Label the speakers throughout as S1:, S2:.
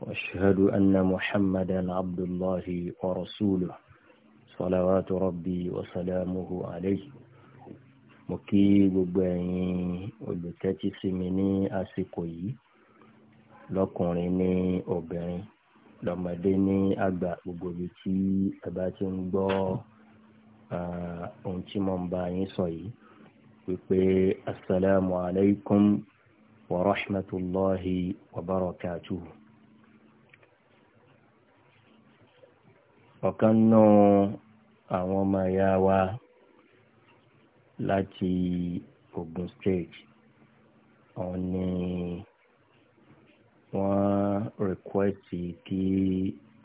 S1: واشهد أن محمدا عبد الله ورسوله صلوات ربي وسلامه عليه mo kí gbogbo ẹ̀yin olùtẹ́tí sí mi ní àsìkò yìí lọ́kùnrin ní obìnrin lọ́mọdé ní àgbà gbogbo ibi tí ẹ bá ti ń gbọ́ ohun tí mo ń bá yín sọ yìí wípé asalaamu wa rahmatulahi wa barakatuhu. ọ̀kan nù àwọn ọmọ ìyá wa láti Ogun State wọ́n ní wọ́n rìkwẹ́tì kí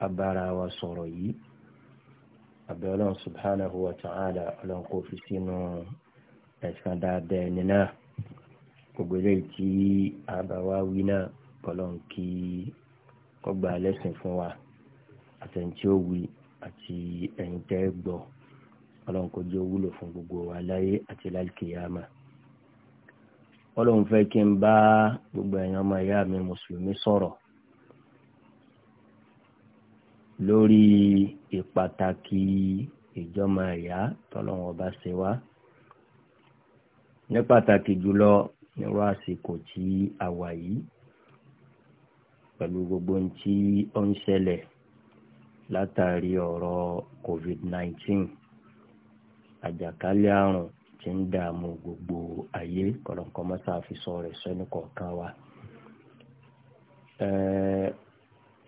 S1: abára wa sọ̀rọ̀ yìí àbẹ̀ ọlọ́run subhanahu wa ta'ala ọlọ́run kò fi sínú ẹ̀sán dáadáa ẹni náà gbogbo eléyìí tí àbáwá wí náà ọlọ́run kí kọ́gbà lẹ́sìn fún wa àtẹ̀ntí ó wí àti ẹ̀yin tẹ́ gbọ́ ọlọ́run kò jẹ́ wúlò fún gbogbo wa láyé àti lálùkìyàmà ọlọ́run fẹ́ kí n bá gbogbo ẹ̀yin ọmọ ìyá mi mùsùlùmí sọ̀rọ̀ lórí ìpàtàkì ìjọmọ ìyá tọ́lọ́run ọba ṣe wá ní pàtàkì jùlọ nírú àsìkò tí a wà yìí pẹ̀lú gbogbo ohun tí ó ń ṣẹlẹ̀ látàrí ọ̀rọ̀ covid-19 àjàkálẹ̀ àrùn tí ń dààmú gbogbo ayé kọ̀lọ̀kọ̀mọ́sá fi sọ rẹ̀ sẹ́nu kọ̀ọ̀kan wa.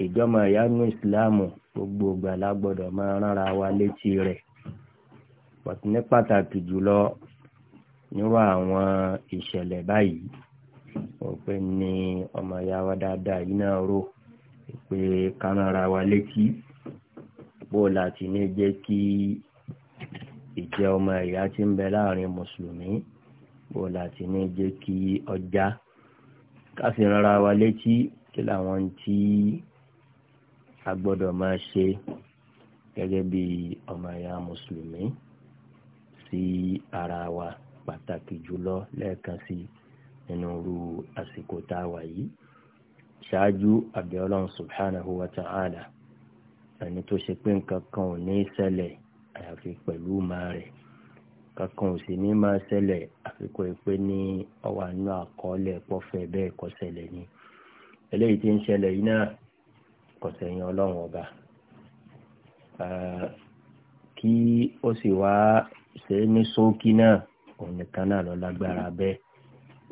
S1: ìjọba ìyanu ìsìláàmù gbogbo ìgbà la gbọ́dọ̀ máa rárá wa létí rẹ̀ pàtó ní pàtàkì jùlọ nírú àwọn ìṣẹ̀lẹ̀ báyìí wọ́n pè ní ọmọ ìyá wa dáadáa yìí náà rò pé kánára wa létí bó láti ní jẹ́ kí ìjẹ́ ọmọ ìyá tí ń bẹ láàrin mùsùlùmí bó láti ní jẹ́ kí ọjà káfí rárá wa létí kí làwọn tí a gbọ́dọ̀ máa ṣe gẹ́gẹ́ bí ọmọ ìyá mùsùlùmí sí ara wa pàtàkì jùlọ lẹ́ẹ̀kan sí nínú irú àsìkò tá a wà yìí ṣáájú àbí ọlọ́run subhanahu wa ta'ala ẹni tó ṣe pé nǹkan kan ò ní ṣẹlẹ̀ àyàfi pẹ̀lú máa rẹ̀ kankan ò sì ní máa ṣẹlẹ̀ àfikún ìpè ní ọwọ́ àánú àkọọ́lẹ̀ pọ́fẹ́ bẹ́ẹ̀ kọ́ ṣẹlẹ̀ ni eléyìí tí ń ṣẹlẹ̀ yìí náà kò sẹ́yìn ọlọ́run ọba kí ó sì wá ṣe ní ṣókí náà òun nìkan náà lọ lágbára bẹ́ẹ̀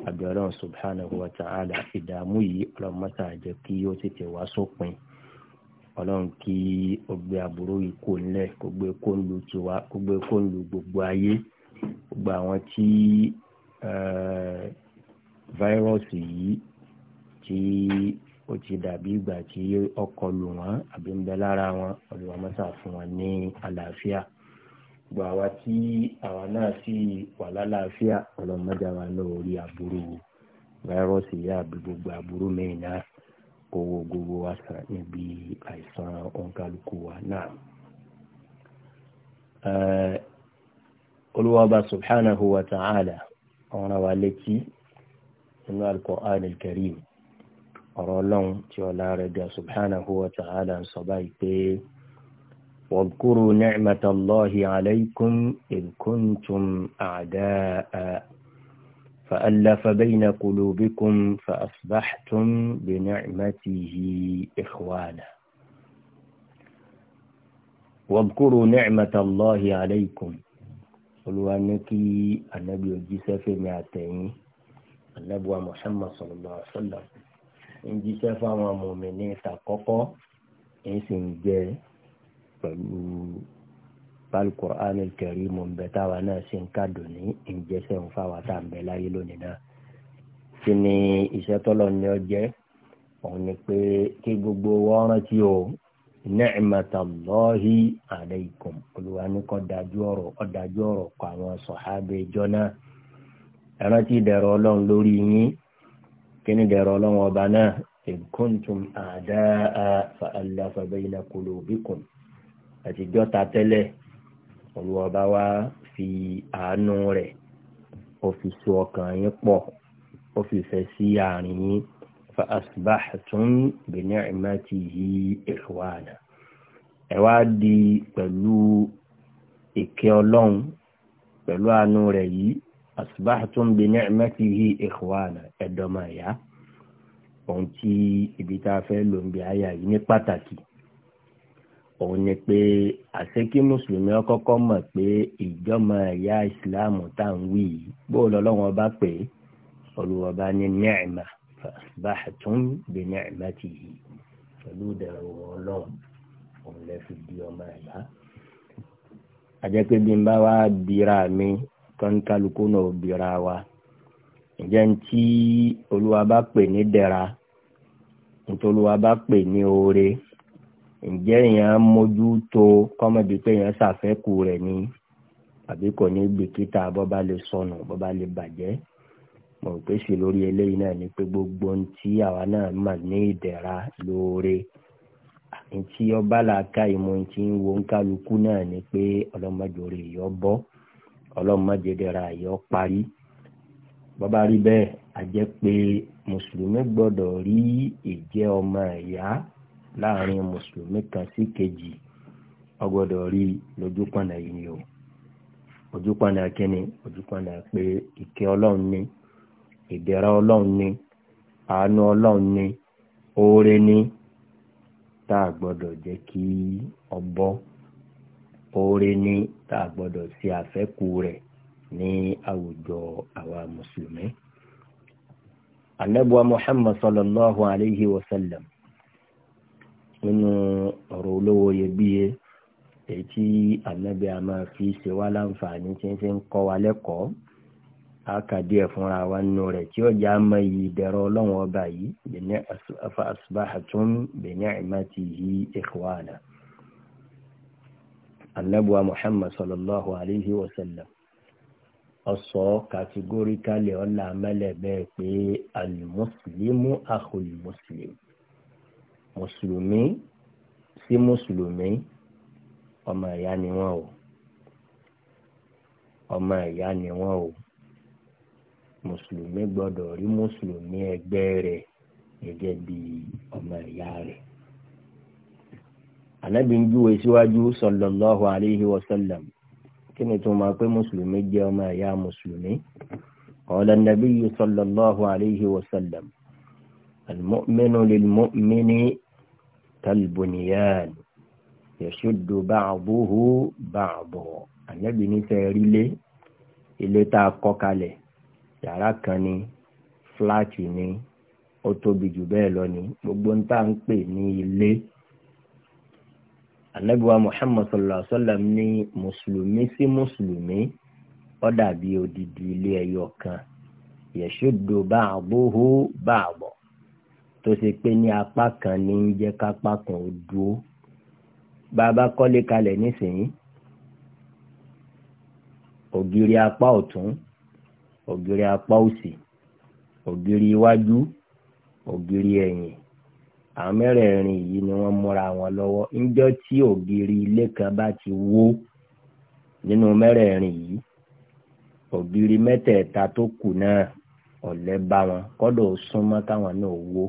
S1: àbí ọlọ́run subhanahu wa ta'ala ìdààmú yìí ọlọ́run mọ́tà jẹ́ kí ó tètè wá sópin. So ọlọ́run kí ó gbé aburú yìí kó ńlẹ̀ kó gbé kó ń lu tiwa kó gbé kó ń lu gbogbo ayé gbogbo àwọn tí fáírọ́ọ̀sì eh, yìí tí ó ti dàbí ìgbà tí ọkọ lù wọ́n àbí ń bẹ lára wọn Olúwa fún wọn ní àlàáfíà gbogbo àwa tí àwa náà sì wà lálàáfíà ọlọ́mọdé wa lọ orí aburú fáírọ́ọ̀sì yìí àbí gbogbo aburú mẹ́rin náà kó wo gbogbo wa sàn níbi àìsàn òǹkálukú wa náà. olúwàbà subhanahu wa ta'ala àwọn àwa létí nínú al-Qur'an al ọ̀rọ̀ ọlọ́run tí ọlá rẹ̀ ga subhanahu wa ta'ala ń sọ báyìí pé واذكروا نعمة الله عليكم إذ كنتم أعداء فألف بين قلوبكم فأصبحتم بنعمته إخوانا واذكروا نعمة الله عليكم قلوا أنك النبي الجيسى في مئتين النبوة محمد صلى الله عليه وسلم ń jíṣẹ́ fáwọn mùmínì tàkọ́kọ́ ń sì alukur'an kẹrin mọ̀ nbẹ táwa náà sì ń kádùn ní ìjẹsẹ̀ ń fáwa tá à ń bẹ láyé lónìí náà kí ni iṣẹ́ tọ́lọ̀ ní ọjẹ́ òun ni pé kí gbogbo wa rántí o ni'matallahi alaykum olùwà ní kọ́ dájú ọ̀rọ̀ ọ́ dájú àwọn sọ̀hábẹ́ ìjọ náà ẹ rántí ìdẹ̀rọ̀ ọlọ́run lórí yín kí ni ìdẹ̀rọ̀ ọlọ́run ọba náà in kuntum a'daa fa'alafa bayna qulubikum àtijọ́ ta tẹ́lẹ̀ olùwọ́ba wa fi àánú rẹ̀ ó fi so ọkàn yín pọ̀ ó fi fẹ́ sí àárín yín fa asbahtum bi ni'matihi ikhwana ẹ wá di pẹ̀lú ìkẹ́ ọlọ́run pẹ̀lú àánú rẹ̀ yìí asbahtum bi ni'matihi ikhwana ẹ̀dọ́mọ̀ ẹ̀yà ohun tí ibi tá a fẹ́ lò ń bi yìí ní pàtàkì òun ni pé àṣé kí mùsùlùmí ọkọ́kọ́ mọ̀ pé ìjọ́mọ ẹ̀yà ìsìláàmù tá à ń wí yìí bóò lọ́lọ́wọ́n bá pè é olùwọ́ba ní ni'ma fasbahtum bi ni'matihi pẹ̀lú ìdẹ̀rù ọlọ́run òun lè fi di ọmọ ẹ̀yà. àjẹ́ pé bí n bá wá bira mi kọ́ńtàlùkù náà bira wa ǹjẹ́ ń tí olúwa bá pè ní dẹ̀ra ntòlúwa bá pè ní oore ǹjẹ́ èèyàn mójú tó kọ́mọ̀dé pé èèyàn ṣàfẹ́kù rẹ̀ ni àbí kò ní bìkítà bọ́ba lè sọnù bọ́ba lè bàjẹ́ mo rò pé sì lórí eléyìí náà ni pé gbogbo ohun tí àwa náà mà ní ìdẹ̀ra lóore àti ọba làákà ìmọ̀ tí ń wo kálukú náà ni pé ọlọ́mọdé orí yọ bọ́ ọlọ́mọdé yọ parí bọ́ba rí bẹ́ẹ̀ a jẹ́ pé mùsùlùmí gbọ́dọ̀ rí ìjẹ́ ọmọ ẹ̀yà láàrin mùsùlùmí kan sí kejì ọgbọ́dọ̀ rí lójúpọ̀nà yìí o ojúpọ̀nà kínní ojúpọ̀nà pé ìkẹ́ ọlọ́run ni ìdẹ̀ra ọlọ́run ni àánú ọlọ́run ni oore ni tá a gbọ́dọ̀ jẹ́ kí ọbọ̀ oore ni tá a gbọ́dọ̀ ṣe àfẹ́kù rẹ̀ ní àwùjọ àwa mùsùlùmí. anabuwa muhammad sallallahu wa sallam nínú ọ̀rọ̀ olówó iyebíye èyí tí ànábì a máa fi ṣe wá láǹfààní tí ń fi ń kọ́ wa lẹ́kọ̀ọ́ akadi ẹ fúnra wa nínú rẹ̀ tí ọjà ama yìí dẹrọ Ọlọ́run ọba yìí bẹni afa asbahatum bẹni ẹmẹti yìí ikhwana anabuwa muhammad sallallahu alayhi wa sallam ọsọ kàtígóríkálẹ ọlà amẹlẹ bẹ́ẹ̀ pé alimuslimu akhul mùsùlùmí sí mùsùlùmí ọmọ ìyá ni wọ́n o ọmọ ìyá ni wọ́n o mùsùlùmí gbọ́dọ̀ rí mùsùlùmí ẹgbẹ́ rẹ̀ gẹ́gẹ́ bí ọmọ ìyá rẹ̀ ànábì ń júwe síwájú sallallahu alayhi wa kí ni tó máa pé mùsùlùmí jẹ́ ọmọ ìyá mùsùlùmí قال النبي صلى الله عليه وسلم المؤمن للمؤمن kalbuniyan yasudu ba'duhu ba'du ànábì ní sẹ́ rílé ilé tá a kọ́ kalẹ̀ yàrá kan ni fúláàtì ni ó tóbi jù bẹ́ẹ̀ lọ ni gbogbo ń tá à ń pè ní ilé anabiwa muhammad sallallahu alaihi wa sallam ní mùsùlùmí sí mùsùlùmí ó dàbí odidi ilé ẹyọ kan yasudu ba'duhu ba'du tó ṣe pé ní apá kan ní ń jẹ́ kápá kan ò dúró bàbá kọ́lé kalẹ̀ nísìnyí ògiri apá ọ̀tún ògiri apá òsì ògiri iwájú ògiri ẹ̀yìn àwọn mẹ́rẹ̀ẹ̀rin yìí ni wọ́n múra wọn lọ́wọ́ níjọ́ tí ògiri ilé kan bá ti wó nínú mẹ́rẹ̀ẹ̀rin yìí ògiri mẹ́tẹ̀ẹ̀ta tó kù náà ọ̀lẹ bá wọn kọ́dọ̀ súnmọ́ káwọn náà wó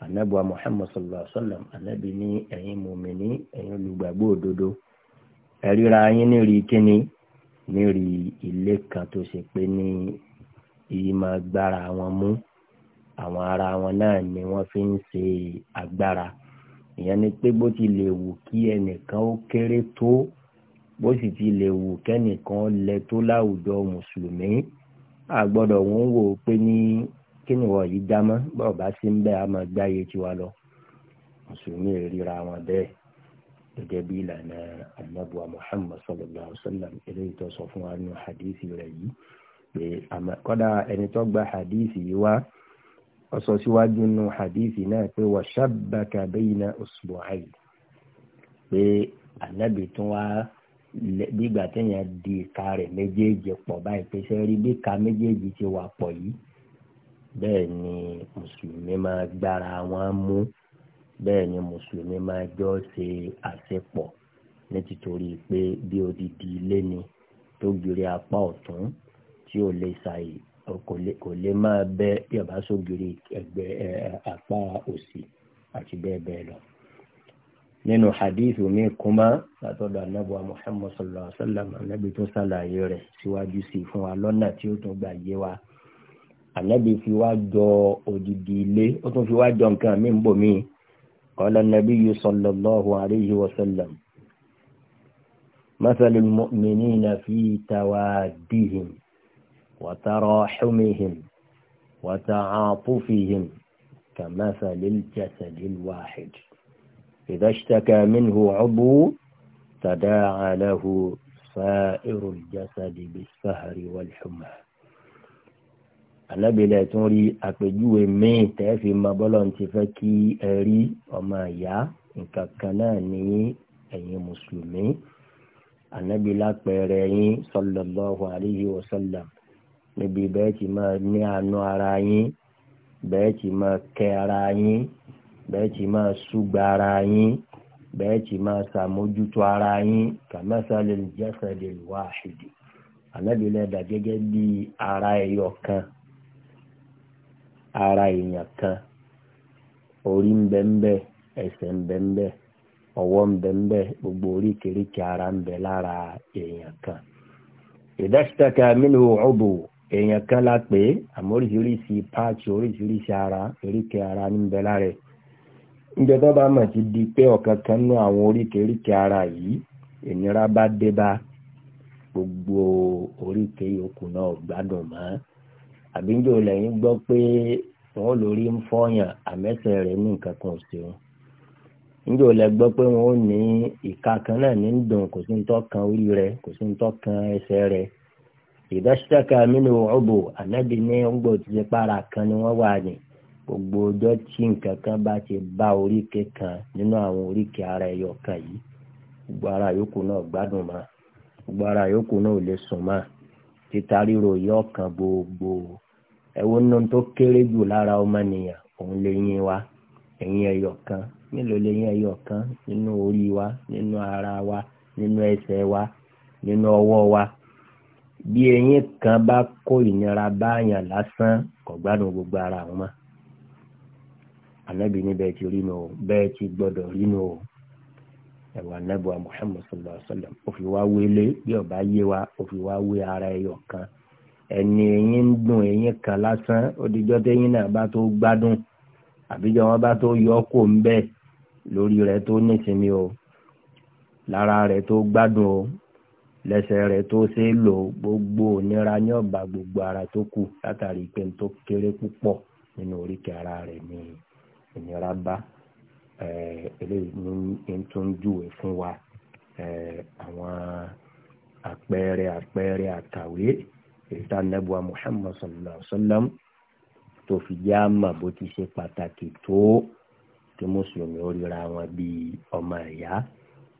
S1: anabuwa muhammad sallallahu alaihi wa sallam anabi ní ẹ̀yin mùmíní ẹ̀yin olùgbàgbọ́ òdodo ẹ̀ríra yín ní rí kíni ní rí ilé kan tó ṣe pé ní iye máa gbára wọn mú àwọn ara wọn náà ni wọ́n fi ń ṣe agbára ìyẹn ni pé bó ti lè wù kí ẹnìkan ó kéré tó bó sì ti lè wù kẹ́nìkan lẹ tó láwùjọ mùsùlùmí àgbọ́dọ̀ wọn wò ó pé ní kí ni wọ́n yìí dá mọ́ bọ́ọ̀ bá sí ń bẹ́ a máa gbáyé tiwa lọ mùsùlùmí ríra wọn bẹ́ẹ̀ gẹ́gẹ́ bí ìlànà anabuwa muhammad sallallahu alaihi wa sallam eléyìí tó sọ fún wa nínú hadithi rẹ̀ yìí pé kọ́dà ẹni tó gba hadithi yìí wá ó sọ síwájú nínú hadithi náà pé wa shabbaka bayna usbu'ayn pé anabi tún wá bígbà téèyàn di ìka rẹ̀ méjèèjì pọ̀ báyìí pé sẹ́rí bí ìka méjèèjì ti wà pọ̀ yìí bẹ́ẹ̀ ni mùsùlùmí máa gbára wọn mú bẹ́ẹ̀ ni mùsùlùmí máa jọ ṣe àṣepọ̀ ní títorí pé bí odidi ilé ni tó giri apá ọ̀tún tí ò lè ṣàì kò lè máa bẹ́ bí ọba sógiri ẹgbẹ́ apá òsì àti bẹ́ẹ̀ bẹ́ẹ̀ lọ. nínú hadith mi kuma látọ̀dọ̀ anábọ̀ muhammad sallallahu alayhi wa sallam anábì tó ṣàlàyé rẹ̀ síwájú sí fún wa lọ́nà tí ó tún gbà yé wa. ànábì fi wá jọ òdìdí ilé ó tún fi wá jọ nǹkan mí ń bò mí qala nabiyyu sallallahu alayhi wa sallam mathalul mu'minina fi tawaddihim wa tarahumihim wa ta'atufihim kamathalil jasadil wahid idha ishtaka minhu 'udwu tada'a lahu sa'iru al-jasadi bis-sahri wal-humma. ànábìlẹ̀ tún rí àpèjúwe míì tẹ́ẹ̀fì mọ bọ́lọ̀ ti fẹ́ kí ẹ rí ọmọ ìyá nǹkan kan náà ní ẹ̀yin mùsùlùmí ànábìlẹ̀ pẹ̀rẹ̀ yín sallallahu alayhi wa sallam níbi bẹ́ẹ̀ ti máa ní àánú ara yín bẹ́ẹ̀ ti máa kẹ́ ara yín bẹ́ẹ̀ ti máa súgbà ara yín bẹ́ẹ̀ ti máa ṣàmójútó ara yín kàmẹ́sàlẹ̀ jẹ́sẹ̀lẹ̀ wáhìdì ànábìlẹ̀ dà gẹ́gẹ́ bí ara ẹ̀yọ̀ kan ara èèyàn kan orí ń bẹ ń bẹ ẹsẹ̀ ń bẹ ń ọwọ́ ń bẹ gbogbo oríkèéríkèé ara ń bẹ lára èèyàn kan ìdásítàkà mínú ọ̀bù èèyàn kan la pè é àmọ́ oríṣiríṣi ara ara ń bẹ lára ẹ̀ tó bá mọ̀ ara yìí ìnira bá gbogbo oríkèé yòókù náà gbádùn mọ́ àbíjọ lẹ́yìn gbọ́ pé wọn lórí ń fọ́yàn àmẹ́sẹ̀ rẹ̀ ní nǹkan kan sí wọn níjọ lẹ gbọ́ pé wọn ó ní ìka kan náà ní dùn kò sí ń tọ́ kan orí rẹ̀ kò kan ẹsẹ̀ rẹ̀ ìdáṣítàkà mínú ní ṣe gbogbo ọjọ́ tí nǹkan bá ti kan nínú àwọn oríkè ara ẹyọ kan yìí gbogbo ara yòókù náà gbádùn gbogbo ara yòókù náà ò lè sùn ewu nínú tó kéré jù lára ọmọnìyàn òun lè yín wa ẹ̀yìn ẹ̀yọ̀ kan mélòó lè yín ẹ̀yọ̀ kan nínú orí wa nínú ara wa nínú ẹsẹ̀ wa nínú ọwọ́ wa bí eyín kan bá kó ìnira báyàn lásán kò gbogbo ara àwọn mọ́ anabi ni ti o bẹ́ẹ̀ ti gbọ́dọ̀ o ẹwà anabi wa muhammadu sallallahu alaihi wa sallam ó fi wá bí ọba yé wa ara ẹyọ ẹni eyín ń dùn eyín kan lásán odijọ́ tẹ́yìn náà bá tó gbádùn àbíjọ wọn bá tó yọ kó ń bẹ lórí rẹ̀ tó nísinmi o lára rẹ̀ tó gbádùn o lẹ́sẹ̀ rẹ̀ tó ṣe é lò gbogbo òníra ní ọ̀bà gbogbo ara tó kù látàrí pé n tó kéré púpọ̀ nínú oríkèé ara rẹ̀ ní ìnira bá eléyìí ń tún júwe fún wa àwọn àpẹẹrẹ àpẹẹrẹ àkàwé ìta nẹ́bùa Muhammad sallallahu alaihi wa sallam tó fi jẹ́ àmà bó ti ṣe pàtàkì tó kí mùsùlùmí ó ríra wọn bíi ọmọ ìyá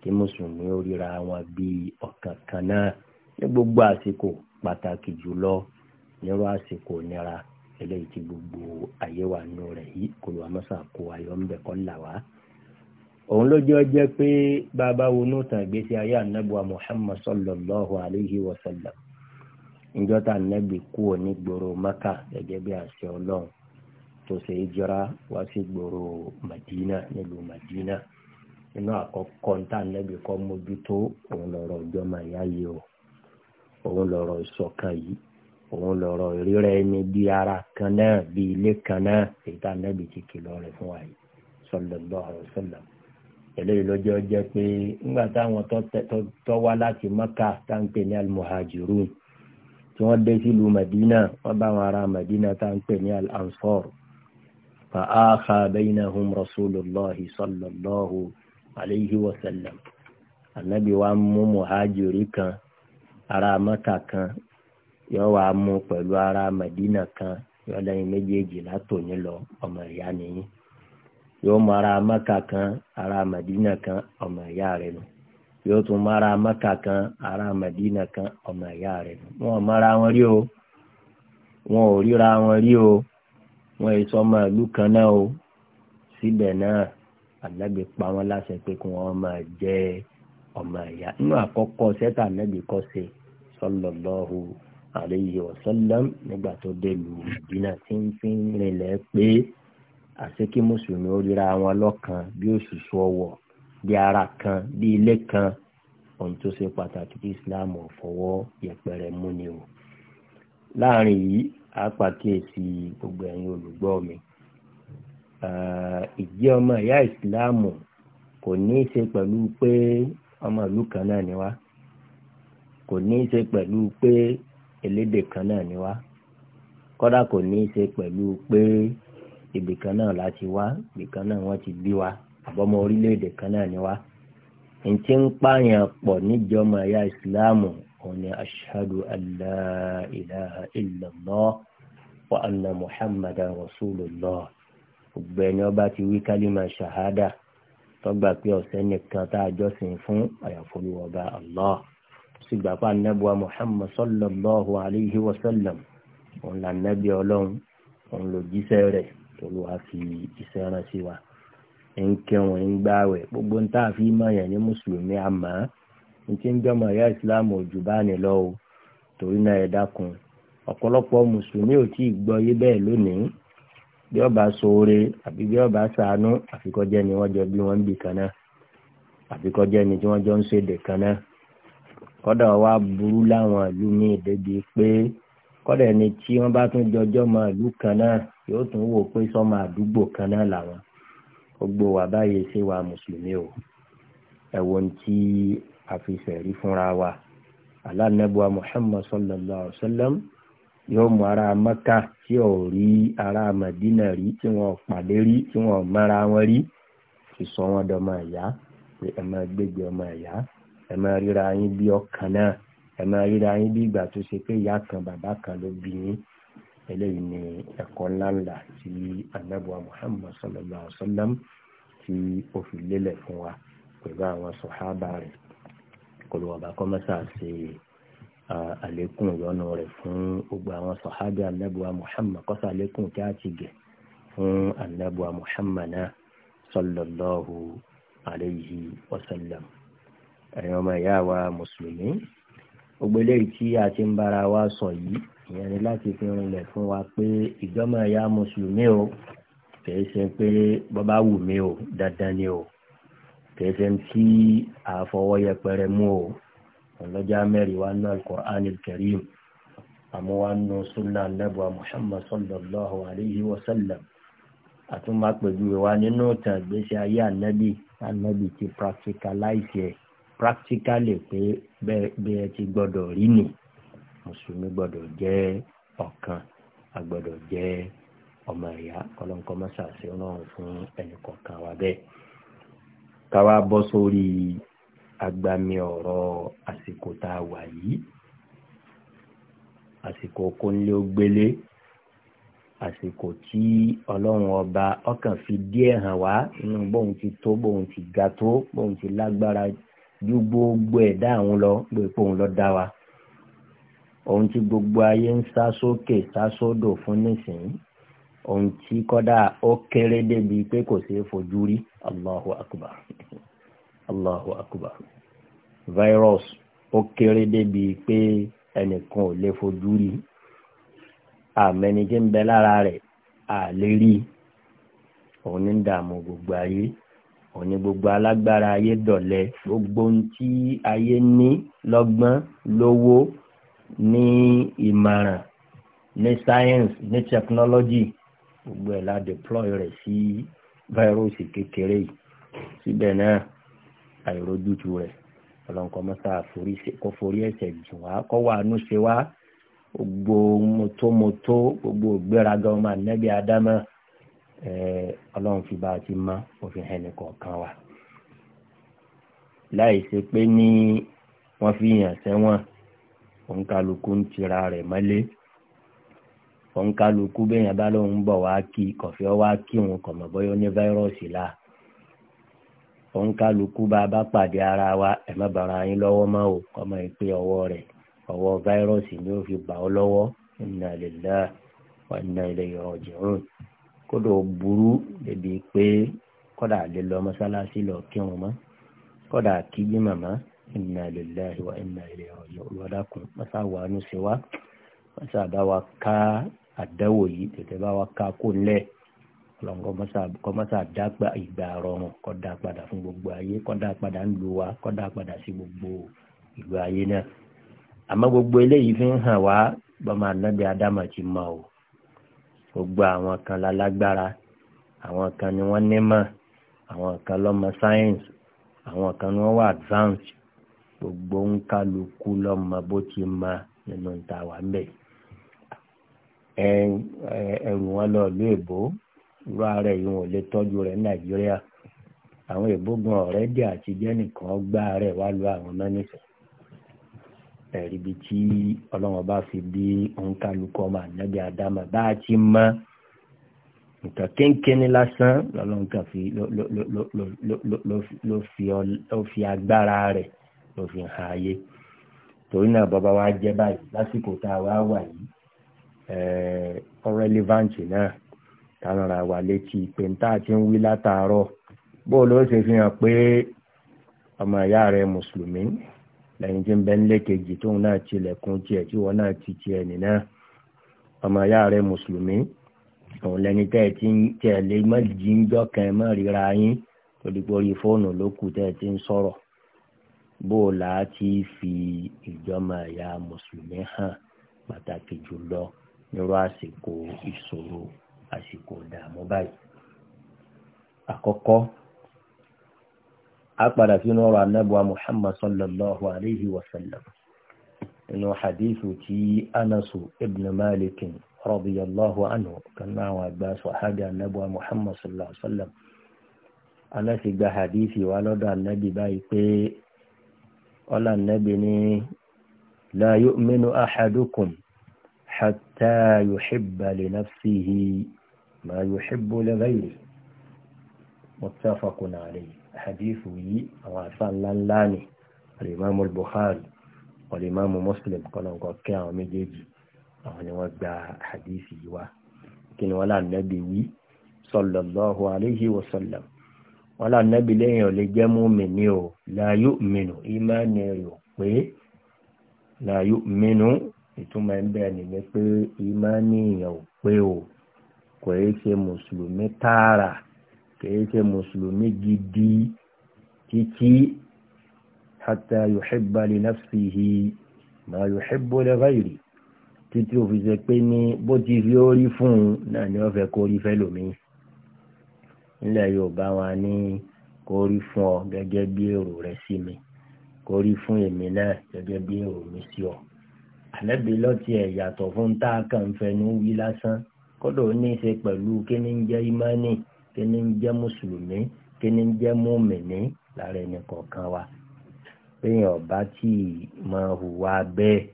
S1: kí mùsùlùmí ó ríra wọn bíi ọ̀kan kan náà ní gbogbo àsìkò pàtàkì jùlọ nírú àsìkò nira eléyìí tí gbogbo ayé wa nù rẹ̀ yìí kò lọ́wọ́ mọ́sà kó ayọ̀ ń bẹ̀ kọ́ là wá. òun ló jẹ́ jẹ́ pé bàbá wo nù tàn gbèsè ayé ànábùa Muhammad sallallahu alaihi wa sallam níjọ́ tá nẹ́bí kú ní gbòòrò maka gẹ́gẹ́ bí àṣẹ ọlọ́run tó ṣe é jọra wá sí gbòòrò madina nílùú madina inú àkọ́kọ́ tá nẹ́bí kọ́ mójútó òun lọ́rọ̀ ọjọ́ máa yá yìí o òun lọ́rọ̀ ìṣọ̀kan yìí òun lọ́rọ̀ ríra ẹni bí ara kan náà bí ilé kan náà èyí tá nẹ́bí ti kìlọ̀ rẹ̀ fún wa yìí sallallahu alaihi wasallam eléyìí lọ́jọ́ jẹ́ pé ńgbà táwọn tó wá láti maka tá pè ní almuhajirun tí wọ́n dé sílùú Madina wọ́n bá wọn ará Madina tá ń pè ní al-ansor fa akha bainahum rasulullahi sallallahu alayhi wa sallam anabi wa mú muhajiri kan ará Maka kan yóò wá mú pẹ̀lú ará Madina kan yóò lẹ́yìn méjèèjì látòní lọ ọmọ ìyá nìyí yóò mú ará Maka kan ará Madina kan ọmọ ìyá rẹ̀ nù. No yóò tún mara maka kan ara madina kan ọmọ ìyá rẹ̀ wọn ò mara wọn rí o wọn ò ríra wọn rí o wọn èso ọmọ ìlú kan náà o síbẹ̀ náà ànábì pa wọn láṣẹ pé kí wọn máa jẹ ọmọ ìyá nínú àkọ́kọ́ sẹ́tà ànábì kọ́ ṣe sallallahu alayhi wa sallam nígbà tó dé lu ìdínà tí ń fi ń rinlẹ̀ pé àṣekí mùsùlùmí ó ríra wọn lọ́kàn bí òṣùṣù ọwọ́ di ara kan bí ilé kan ohun tó ṣe pàtàkì tí islam ò yẹpẹrẹ mú ni o láàrin yìí a pàkíyèsí gbogbo ẹ̀yin olùgbọ́ mi ìjẹ́ ọmọ ìyá ìsìláàmù kò ní í ṣe pẹ̀lú pé ọmọ ìlú kan náà ni wá kò ní í ṣe pẹ̀lú pé elédè kan náà ni wá kódà kò ní í ṣe pẹ̀lú pé ibìkan náà láti wá ibìkan náà wọ́n ti bí wa àbọ̀mọ orílẹ̀-èdè kan náà ni wá n ti ń pààyàn pọ̀ níjọmọ ẹ̀yà ìsìláàmù òun ni ashhadu an la ilaha illallah wa anna muhammadan rasulullah gbogbo ẹni ọba ti wí kálímà ṣahada tọgbà pé ọ̀sẹ̀ nìkan tá a jọ́sìn fún àyàfolúwọba allah sígbà pa nẹ́bùa muhammad sallallahu alayhi wa sallam òun là nẹ́bí ọlọ́run òun lòjíṣẹ́ rẹ̀ tó lù wá fi iṣẹ́ rán sí wa. nke kírun ń gbogbo ń tà fi mọ̀ yẹn ní mùsùlùmí àmọ́ ní ti ń jọmọ ìyá ìsìláàmù ojú bá ní o torí náà ẹ dákun ọ̀pọ̀lọpọ̀ mùsùlùmí ò tí ì gbọ́ yé bẹ́ẹ̀ lónìí bí ọba ṣoore àbí bí ọba ṣàánú àfikọ́jẹ́ ni wọ́n jọ bí wọ́n ń bì kan náà àfikọ́jẹ́ ni tí wọ́n jọ ń ṣèdè kan náà kọ́dà wa burú láwọn ìlú ní ìdẹ́bi pé kọ́dà ẹni tí wọ́n bá tún jọjọ́ mọ ìlú kan náà yóò tún wò pé sọ́mọ àdúgbò kan náà làwọn gbogbo wa báyìí ṣe wa mùsùlùmí o ẹ̀wọ̀n tí a fi sẹ̀rí fúnra wa alánàbùwà muhammad sallallahu alayhi wa sallam yóò mú ara maka tí ò rí ara madina rí tí wọn pàdé rí tí wọn mara wọn rí ti sọ wọn dọmọ ẹ̀yà pé ẹ máa gbégbé ọmọ ẹ̀yà ẹ máa ríra yín bí ọkàn náà ẹ máa ríra yín bí ìgbà tó ṣe pé ìyá kan bàbá kan ló bí yín eléyìí ni ẹ̀kọ́ ńláńlá tí anábùwà muhammad sallallahu alayhi wa sallam tí ó fi lélẹ̀ fún wa pẹ̀lú àwọn sọ̀hábà rẹ̀ kọlùwàbà kọ́mọ́sà ṣe àlékún ìyọnu rẹ̀ fún gbogbo àwọn sọ̀hábà anábùwà Muhammad kọ́sà àlékún tí a ti gẹ̀ fún anábùwà Muhammad náà sallallahu alayhi wa sallam ẹ̀yin ọmọ ìyá wa mùsùlùmí gbogbo eléyìí tí a ti ń bára wa sọ yìí ìyẹn ni láti fi rinlẹ̀ fún wa pé ìjọ́mọ̀ ìyá mùsùlùmí o kìí ṣe pé bọ́bá wù mí o dandan ni o kìí ṣe tí àfọwọ́ yẹpẹrẹ mú o ọlọ́jà mẹ́rin wa náà quran al-Karim àmúwa nù Muhammad sallallahu alayhi wa sallam àtúmọ̀ àpèjúwe wa nínú ìtàn ìgbésí ayé ànábì ànábì ti practicalize ẹ̀ practically pé bẹ́ẹ̀ ẹ ti gbọ́dọ̀ rí ni mùsùlùmí gbọ́dọ̀ jẹ́ ọ̀kan a gbọ́dọ̀ jẹ́ ọ̀kan ọmọ ẹ̀yà kọlọ́nkọ́ mọ́sà sí ọlọ́run fún ẹnìkọ̀ọ̀kan wa bẹ́ẹ̀. káwa bọ́ sórí agbami ọ̀rọ̀ àsìkò tá a wà yìí àsìkò kónlé ó gbélé àsìkò tí ọlọ́run ọba ọkàn fi díẹ̀ hàn wá inú bóun ti tó bóun ti ga tó bóun ti lágbára ju gbogbo ẹ̀dá àwọn lọ gbogbo òun lọ dá wa ohun tí gbogbo ayé ń sá sókè sá sódò fún nísìnyí ohun tí kọ́dà ó kéré débi pé kò ṣeé fojú rí allahu akbar allahu akbar virus ó kéré débi pé ẹnìkan ò lè fojú rí àmẹni tí ń bẹ lára rẹ̀ àlè rí òun ní dààmú gbogbo ayé òun ní gbogbo alágbára ayé dọ̀lẹ́ gbogbo ohun tí ayé ní lọ́gbọ́n lówó ní ìmọ̀ràn ní science ní technology gbogbo ẹ̀ la deploy rẹ̀ sí fáírọ́ọ̀sì kékeré yìí síbẹ̀ náà àìrójútu rẹ̀ ọlọ́nkọ́ mọ́sá kó forí ẹ̀sẹ̀ jù wá kọ́ wà ánú ṣe wá gbogbo mọ́tòmọ́tò gbogbo gbéraga ọmọ ànẹ́bí adama ọlọ́run fi bá a ti mọ́ òfin ẹnì kọ̀ọ̀kan wa láì ṣe pé ní wọ́n fi yàn sẹ́wọ̀n òǹkàlùkù ń tira rẹ̀ mọ́lé òǹkálukú bẹ́yàn bá lóun bọ̀ wá kí kọ̀fẹ́ wá kí òun kọ̀ mọ̀ bọ́yọ́ ní fáírọ́ọ̀sì la òǹkálukú bá a bá pàdé ara wa ẹ̀ má bara yín lọ́wọ́ mọ́ o kọ́mọ yìí pé ọwọ́ rẹ̀ ọwọ́ fáírọ́ọ̀sì ni ó fi bà ọ́ lọ́wọ́ inna lillahi wa inna ilayhi raji'un kódò burú débi pé kódà lè lọ mọ́sálásí lọ kírun mọ́ kódà kí jí màmá inna lillahi wa inna ilayhi raji'un olùwádàkùn mọ́sáwá sí wa mọ́sáàbá wa ká àdáwò yìí tètè bá wa ká kó lẹ̀ ọlọ́run kọ́ mọ́sá dágbà ìgbà rọrùn kọ́ dá padà fún gbogbo ayé kọ́ dá padà ń lu wa kọ́ dá padà sí gbogbo ìlú ayé náà àmọ́ gbogbo eléyìí fi ń hàn wá bọ́mọ anábì adama ti mọ o gbogbo àwọn kan lálágbára àwọn kan ni wọ́n nímọ̀ àwọn kan lọ́mọ science àwọn kan ni wọ́n wà advanced gbogbo ń kálukú lọ́mọ bó ti mọ nínú ìta wà ń ẹrù wọn lọ ìlú èbó irú ara yìí wọn ò lè tọ́jú rẹ̀ ní nàìjíríà àwọn ìbógun ọ̀rẹ́ dì àti jẹ́nìkan gbá rẹ̀ wá lu àwọn mẹ́nìfẹ́ ẹ̀rí ibi tí ọlọ́wọ́n bá fi bí òǹkàlùkọ́ máa nẹ́bí àdámà bá a ti mọ́ nǹkan kínkínní lásán lọ́lọ́run kan fi ló fi agbára rẹ̀ ló fi hàn ayé torí náà bàbá wa jẹ́ báyìí lásìkò tá a wá wà yìí ọ̀rẹ́lẹ́fàǹtì náà kárànra wà létí pẹ̀ntà tí ń wí látàárọ̀ bó ló ṣe fi hàn pé ọmọ ìyá rẹ mùsùlùmí lẹ́yìn tí ń bẹ nílé kejì tóun náà tilẹ̀kùn tiẹ̀ tí náà ti tiẹ̀ ọmọ ìyá rẹ mùsùlùmí òun lẹni tẹ́ ẹ ti ń tiẹ̀ lé mọ́jì ń mọ́ ríra yín torípórí fóònù ló kù tẹ́ ẹ ti ń sọ̀rọ̀ á nírú àsìkò ìṣòro àsìkò ìdààmú báyìí. àkọ́kọ́ a padà sínú ọ̀rọ̀ anábùwà muhammad sallallahu alayhi wa sallam nínú hadithu tí anasu ibn malik radiyallahu anhu kan náà wà gba sọ̀hádì anábùwà muhammad sallallahu alayhi wa sallam anasi gba hadithi wa lọ́dọ̀ anábì báyìí pé ọlá anábì la yu'minu ahadukum حتى حتى يحب لنفسه ما يحب لغيره متفق عليه حديث وعفان لاني الإمام البخاري والإمام مسلم قالوا قوكي عميجيجي أنا وقع حديثي و لكن ولا النبي صلى الله عليه وسلم ولا النبي لين لجمو منيو لا يؤمن إيمان وي لا يؤمن ìtumọ̀ ẹ̀ ń bẹ̀rẹ̀ nìyẹn pé ìmánì èèyàn ò pé o kò yẹ ṣe mùsùlùmí tààrà kò yẹ ṣe mùsùlùmí gidi títí hatta yuhibba li nafsihi ma yuhibbu li ghayri títí òfin ṣe pé ní bó ti fi ó fún un náà ni wọ́n fẹ́ kó rí fẹ́lòmí nílẹ̀ Yorùbá wa ní kó fún ọ gẹ́gẹ́ bí èrò rẹ sí mi kó fún èmi náà gẹ́gẹ́ bí èrò mi sí ọ ànábì lọ́tì ẹ̀ yàtọ̀ fún tá a kàn fẹnu wí lásán kọ́dọ̀ ó ní í ṣe pẹ̀lú kíní ń jẹ́ ìmánì kíní ń jẹ́ mùsùlùmí kíní ń jẹ́ mùmìnì lára ẹni kọ̀ọ̀kan wa péyàn ọba tí máa hùwà bẹ́ẹ̀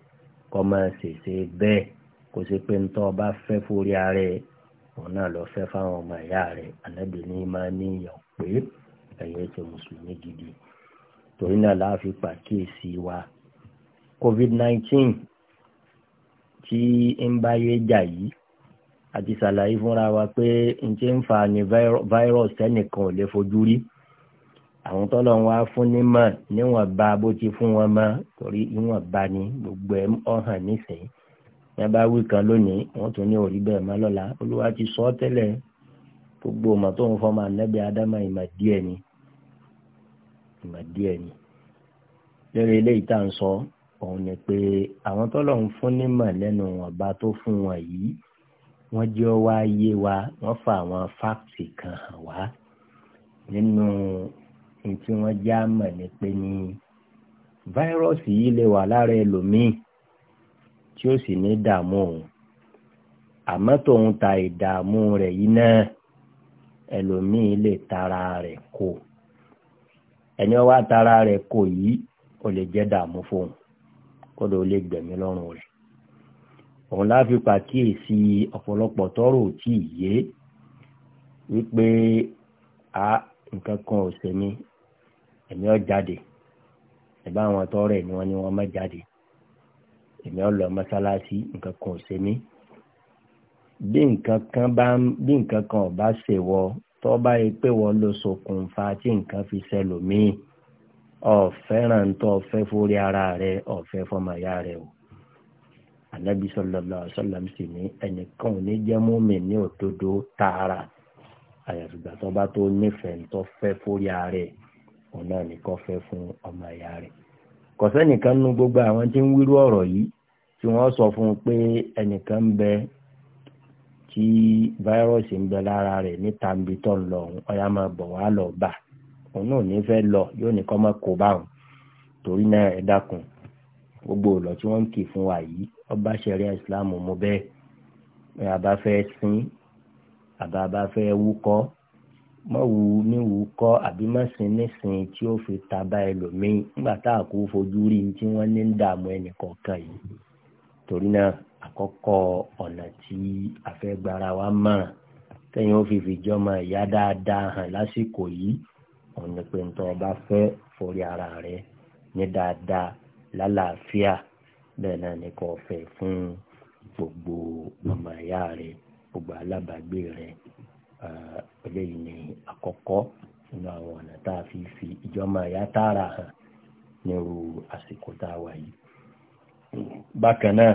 S1: kọ́ máa ṣèṣe bẹ́ẹ̀ kò sí pé ntọ́ ọba fẹ́ forí ara ẹ̀ òun náà lọ fẹ́ fáwọn ọmọ ìyá rẹ̀ ànábì ní máa níyàn pé ẹ̀yẹ́ ṣe mùsùlùmí gidi torí náà láàfin pàkíyèsí wa covid nineteen tí ń bá yé jà yìí àti ṣàlàyé fúnra wa pé n ti ń fa ni virus tẹ́nìkan ò lè fojú rí àwọn tọ́lọ̀ wa fún nímọ̀ níwọ̀n ba bó ti fún wọn mọ́ torí níwọ̀n ba ni gbogbo ẹ̀ ọ̀hàn nísìnyí ní bá wí kan lónìí wọ́n tún ní òrí bẹ́ẹ̀ má lọ́la olúwa ti sọ tẹ́lẹ̀ gbogbo ọmọ tó ń fọmọ ànábì ádámà ìmọ̀ díẹ̀ ni ìmọ̀ díẹ̀ ni lórí eléyìí tá à ń sọ òun ni pé àwọn tọ́lọ̀ ń fún nímọ̀ lẹ́nu ọba tó fún wọn yìí wọ́n jẹ́ wá yé wa wọ́n fa àwọn fáàkì kan hàn wá nínú ní tí wọ́n já mọ̀ ni pé ní fáírọ́ọ̀sì yìí lè wà lára ẹlòmíì tí ó sì ní dààmú òun àmọ́ tóun ta ìdààmú rẹ̀ yìí náà ẹlòmíì lè tara rẹ̀ kó ẹni ó tara rẹ̀ kó yìí ó lè jẹ́ dààmú fóun kọ́dọ̀ ó lè gbẹ̀mí lọ́rùn rẹ̀ òun láfi pàkíyèsí ọ̀pọ̀lọpọ̀ tọrọ ò tí ì yé wípé a nǹkan kan ò sẹ́mi ẹ̀mí ọ̀ jáde ẹ̀bá àwọn tọrọ ẹ̀ ni wọ́n ní wọ́n má jáde ẹ̀mí ọ̀ lọ mọ́sálásí nǹkan kan ò sẹ́mi bí nǹkan kan bá bí nǹkan kan ò bá ṣèwọ tó bá yẹ pé wọ́n ló ṣokùnfà tí nǹkan fi ṣẹlòmíì ọ̀fẹ́ràn tó ọ̀fẹ́ fórí ara rẹ ọ̀fẹ́ fọmọ ìyá rẹ o anabi sallallahu alaihi wasallam sì ní ẹnìkan ò ní jẹ́ mọ́mì ní òdodo tààrà àyàfìgbà tó bá tó nífẹ̀ẹ́ tó fẹ́ fórí ara rẹ òun náà nìkan fẹ́ fún ọmọ ìyá rẹ kọ̀sẹ́nìkan nu gbogbo àwọn tí ń wírú ọ̀rọ̀ yìí tí wọ́n sọ fún un pé ẹnìkan ń bẹ tí fáírọ́ọ̀sì ń bẹ lára rẹ̀ níta ń bi tọ́ ń lọ máa bọ̀ wá lọ bá òun náà ní fẹ́ lọ yóò ní kọ́ mọ́ kó bá òun torí náà ẹ dákun gbogbo ọ̀lọ́ tí wọ́n ń kì fún wa yìí ọba ṣẹ̀ríà islam mo bẹ́ẹ̀ pé a bá fẹ́ sin àbá bá fẹ́ wúkọ́ mọ̀ wù ú ní wù ú kọ́ àbí má sin nísìn tí ó fi ta bá ẹlòmíín nígbà tá a kò fojú rí ní tí wọ́n ní ń dààmú ẹnìkọ̀ọ̀kan yìí torí náà àkọ́kọ́ ọ̀nà tí a fẹ́ gbára wa mọ̀ràn tẹ́yìn ó fi fìjọ́ mọ ìyá dáadáa hàn lásìkò yìí òun ni pé ntọ́ ọba fẹ́ forí ara rẹ ní dáadáa lálàáfíà bẹ́ẹ̀ náà ni kò fẹ́ fún gbogbo ọmọ ìyá rẹ gbogbo alábàágbé rẹ eléyìí ni àkọ́kọ́ nínú àwọn ọ̀nà tá a fi fi ìjọba ìyá tààrà hàn nírú àsìkò tá a wà yìí. bákan náà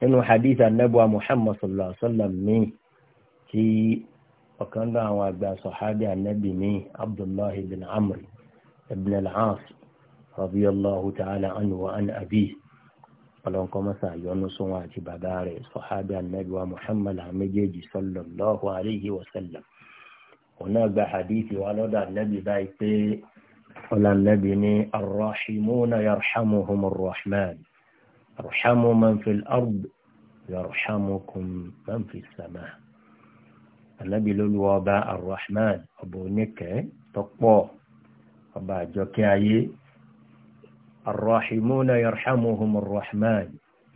S1: nínú hadith anabuwa muhammad sallallahu alaihi wa sallam mi tí ọ̀kan náà àwọn àgbà sọ̀hábì ànábì ní abdullahi bin amr ibn al-aas radiyallahu ta'ala anhu wa an abi ọlọ́nkọ́ mọ́sá yọnu sún àti bàbá rẹ̀ sọ̀hábì ànábì wa muhammad àméjèèjì sallallahu alayhi wa sallam òun náà gba hadithi wa lọ́dọ̀ ànábì báyìí pé ọlọ́ ànábì ní arrahimuna yarhamuhum arrahman arhamu man ard yarhamukum man fis samaa ànábì lóluwọ ọba arrahman ọba oníkẹ́ tọ́pọ̀ ọba àjọkẹ́ ayé arrahimuna yarhamuhum arrahman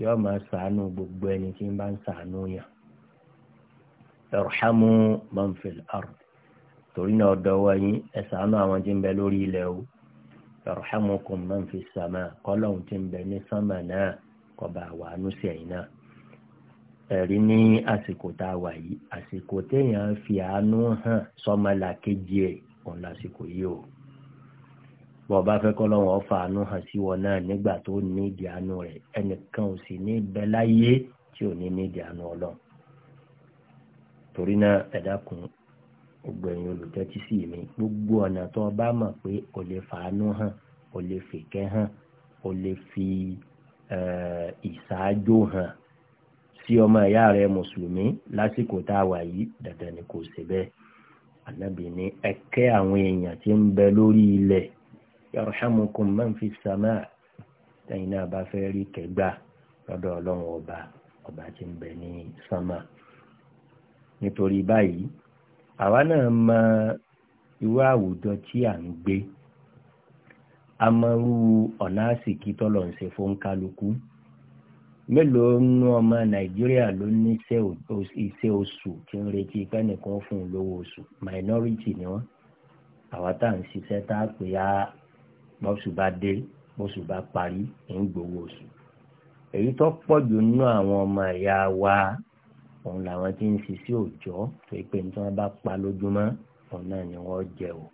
S1: yóò máa sàánú gbogbo ẹni tí ń bá ń sàánú yàn yarhamu man fil ard torí náà dọwọ́ yín ẹ sàánú àwọn tí ń bẹ lórí ilẹ̀ o yarhamukum man fis sama kọ́lọ́hún tí ń bẹ ní sánmà náà kọba àwọn àánú sí náà ẹ̀rí ní àsìkò tá a wà yìí àsìkò téèyàn fi àánú hàn sọmọlàkejì ẹ̀ òun lásìkò yìí o bọ́ọ̀ bá fẹ́ kọ́ lọ́wọ́ fàánú hàn sí wọn náà nígbà tó ní ìdí àánú rẹ̀ ẹnìkan ò sì ní bẹ láyé tí ò ní ní ìdí àánú ọlọ́run torí náà ẹ gbogbo ẹ̀yin olùtẹ́tí sí mi gbogbo ọ̀nà tó o bá mọ̀ pé o lè fàánú hàn o lè fèkẹ́ hàn o lè fi ìṣáájú hàn sí ọmọ ìyá rẹ mùsùlùmí lásìkò tá a wà yìí dandan ni kò ṣe bẹ́ẹ̀ ànábì ní ẹ̀kẹ́ àwọn èèyàn tí ń bẹ lórí ilẹ̀ yarhamukum man fi sama tẹ̀yin náà bá fẹ́ rí kẹgbà lọ́dọ̀ ọlọ́run ọba ọba tí ń bẹ ní sama nítorí báyìí àwa náà mọ irú àwùjọ tí à ń gbé amọ̀rú ọ̀nà àsìkí tọ́lọ̀ ń ṣe fún kálukú mélòó nú ọmọ nàìjíríà ló ní iṣẹ́ oṣù tí ń retí kẹ́nìkan fún un lówó oṣù minority ni wọ́n àwa tá à ń ṣiṣẹ́ tá a pè á bọ́sù bá dé bọ́sù bá parí ń gbowó oṣù èyí tó pọ̀ jù nínú àwọn ọmọ ẹ̀yà wa òun làwọn ti ń ṣiṣẹ́ òòjọ́ tó yẹ pé nítorí wọn bá pa lójúmọ́ òun náà ni wọ́n jẹ o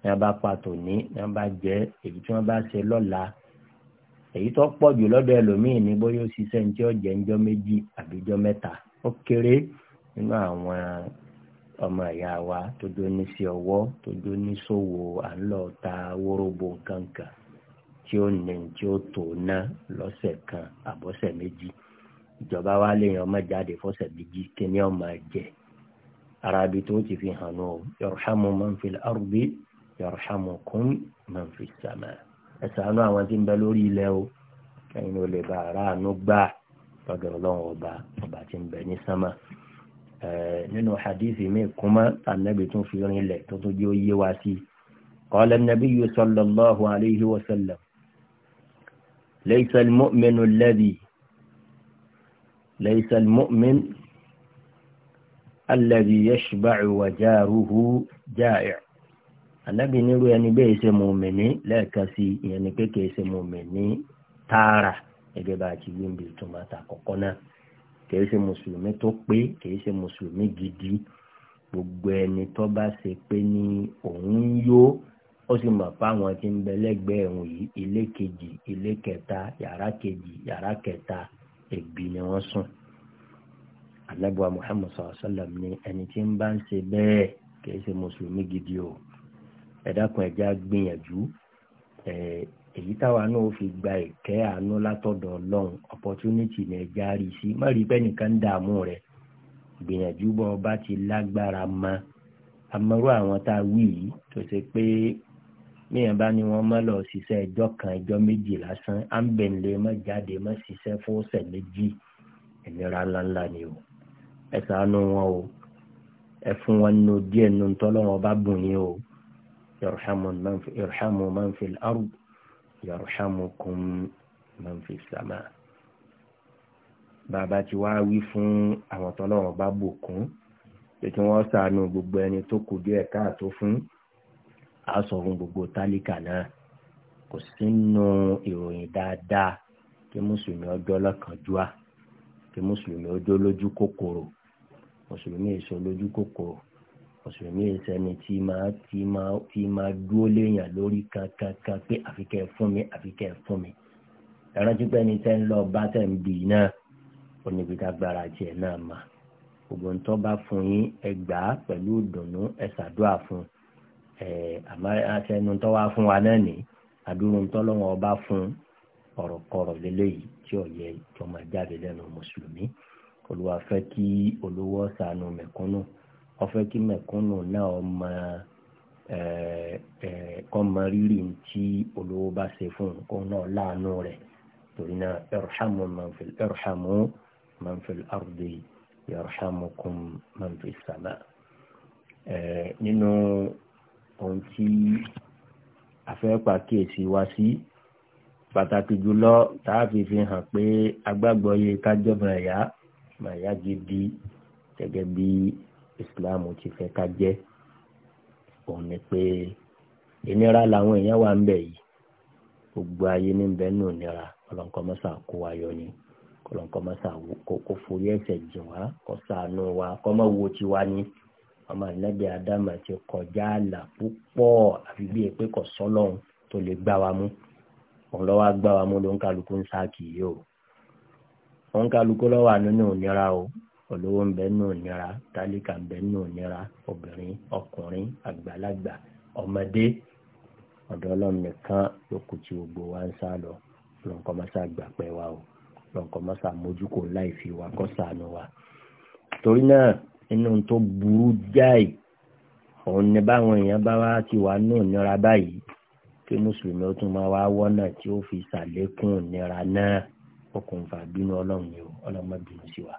S1: ní wọn bá pa tòní ní wọn bá jẹ èyí tí wọn bá ṣe lọ́la èyí tó pọ̀ jù lọ́dọ̀ ẹlòmíì ní bóyá ó ṣiṣẹ́ ní tí ó jẹ́ ńjọ́ méjì àbíjọ́ mẹ́ta ó kéré nínú àwọn ọmọ ìyá wa tó dó ní sí ọwọ́ tó dó ní sòwò à ń lọ ta wórógbó kankan tí ó ní tí ó tó ná lọ́sẹ̀ kan àbọ̀sẹ̀ méjì ìjọba wa léèyàn ọmọ jáde fọ́sẹ̀ méjì kíní ọmọ jẹ arabi tó ti fi hàn ó yorùhámù man fil ardi yorùhámù kún man fis samaa ẹ ṣàánú àwọn tí ń bẹ lórí ilẹ̀ o kẹ́yìn ó lè bá aráàánú gbà lọ́dọ̀ ọlọ́run ọba ọba tí ń bẹ ní sánmà nínú hadithi mi kúmọ́ tànàbí tún fi rin ilẹ̀ tó tún jẹ́ ó yé wa sí قال النبي صلى الله عليه وسلم ليس المؤمن الذي ليس المؤمن الذي يشبع وجاره جائع ànábì nírú ẹni bẹ́ẹ̀ ṣe mùmìnì lẹ́ẹ̀kan sí ìyẹn ni pé kìí ṣe mùmìnì tààrà gẹ́gẹ́ bá a ti wí níbi ìtumọ̀ àtàkọ́kọ́ náà kìí mùsùlùmí tó pé kìí mùsùlùmí gidi gbogbo ẹni tó bá ṣe pé ní òun yó ó sì mọ̀ fáwọn tí ń bẹ lẹ́gbẹ̀ẹ́ ẹ̀hún yìí ilé kejì ilé kẹta yàrá kejì yàrá kẹta ẹ̀bì ni wọ́n sùn alábùwà Muhammad sallallahu ni ẹni tí ń bá ń ẹ̀dákun ẹ̀já gbìyànjú èyí táwa náà fi gba ìkẹ́ àánú látọ̀dọ̀ ọlọ́run opportunity ní ẹ̀já rí sí má rí pé nìkan dààmú rẹ̀ gbìyànjú bọ́ ọba ti lágbára mọ́ amọ́rú àwọn tá a wí yìí tó ṣe pé míyàn bá ní wọ́n mọ́ lọ ṣiṣẹ́ ẹjọ́ kan ẹjọ́ méjì lásán à ń bẹ̀ nílé mọ́ jáde mọ́ ṣiṣẹ́ fọ́ọ̀sẹ̀ méjì ìnira ńláńlá ni o ẹ ṣàánú wọn o ẹ fún wọn nínú díẹ̀ nínú tọ́lọ́wọ́n bá bùn yín o irhamu man fi al-ard yarhamukum man fi as-sama bàbá tí wàá wí fún àwọn tọ́lọ́wọ́n bá bùkún pé kí wọ́n sàánú gbogbo ẹni tó kù díẹ̀ káàtó fún àsọ̀run gbogbo tálíkà náà kò sínú ìròyìn dáadáa kí mùsùlùmí ọjọ́ lọ́kànjúà kí mùsùlùmí ọjọ́ lójú kòkòrò mùsùlùmí èso lójú kòkòrò mùsùlùmí ìsẹni tí máa tí máa tí máa dúó léèyàn lórí kankankan pé àfikẹ́ fún mi àfikẹ́ fún mi ẹ̀rántí pé ẹni tẹ́ ń lọ bá tẹ̀ ń bì náà ó níbi dágbára tiẹ̀ náà mà gbogbo ń tọ́ bá fún yín ẹ gbà á pẹ̀lú ìdùnnú ẹ ṣàdúrà fún ẹ àmọ́ àtẹnu tọ́ wá fún wa náà ní àdúró ń tọ́ lọ́wọ́ ọba fún ọ̀rọ̀kọ̀rọ̀ lélẹ́yìí tí ó yẹ tó máa jáde lẹ́nu mùsùlùmí olùwàfẹ́ kí olówó ṣàánú mẹ̀kúnnù ọfẹ kí mẹ̀kúnnù náà ọmọ ẹ ẹ kọmọ rírì tí olówó bá ṣe fún kó náà láàánú rẹ̀ torí náà irhamu man fil irhamu man fil ardi yarhamukum man fis sama ẹ nínú ohun tí afẹ́pà kíyèsí wá sí pàtàkì jùlọ tààfi fi hàn pé agbágbọ́yé kájọba ẹ̀yà màyà gidi gẹ́gẹ́ bí islam ti fẹ́ ká jẹ́ òun ni pé ìnira làwọn èèyàn wà ń bẹ̀ yìí gbogbo ayé ní bẹ́ẹ̀ ní ònira ọlọ́nkọ́ kó wa yọ ni ọlọ́nkọ́ mọ́sà kó forí ẹ̀ṣẹ̀ jìn wá kó ṣàánú wa kó má wo tiwa ni ọmọ ànábì adama ti kọjá àlà púpọ̀ àfi bíi pé kò sọ́lọ́run tó lè gbá wa mú òun lọ́wọ́ agbá wa mú ló ń kálukú ń sá kì o òun kálukú lọ́wọ́ àánú ní ònira o olówó ń bẹ nù nira tálíkà ń bẹ nù nira obìnrin ọkùnrin àgbàlagbà ọmọdé ọ̀dọ̀ ọlọ́run nìkan ló tí gbogbo wa ń sá lọ lọ́nkọ́ mọ́sá gbàpẹ́ wa o lọ́nkọ́ mọ́sá mójúkò láì fi wa kọ́ sànù wa torí náà inú tó burú jáì òun ni báwọn èèyàn bá wá ti wà nù nira báyìí kí mùsùlùmí ó tún máa wá wọ́nà tí ó fi ṣàlékún nira náà okùnfà bínú ọlọ́run yìí ọlọ́mọbìnrin sí wa